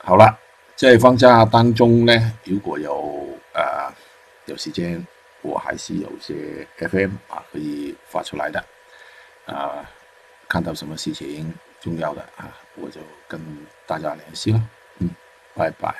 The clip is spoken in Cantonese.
.好啦，即係放假當中呢，如果有誒、呃、有時間，我還是有些 F.M. 啊可以發出來的，啊，看到什麼事情重要的啊，我就跟大家聯繫咯，嗯，拜拜。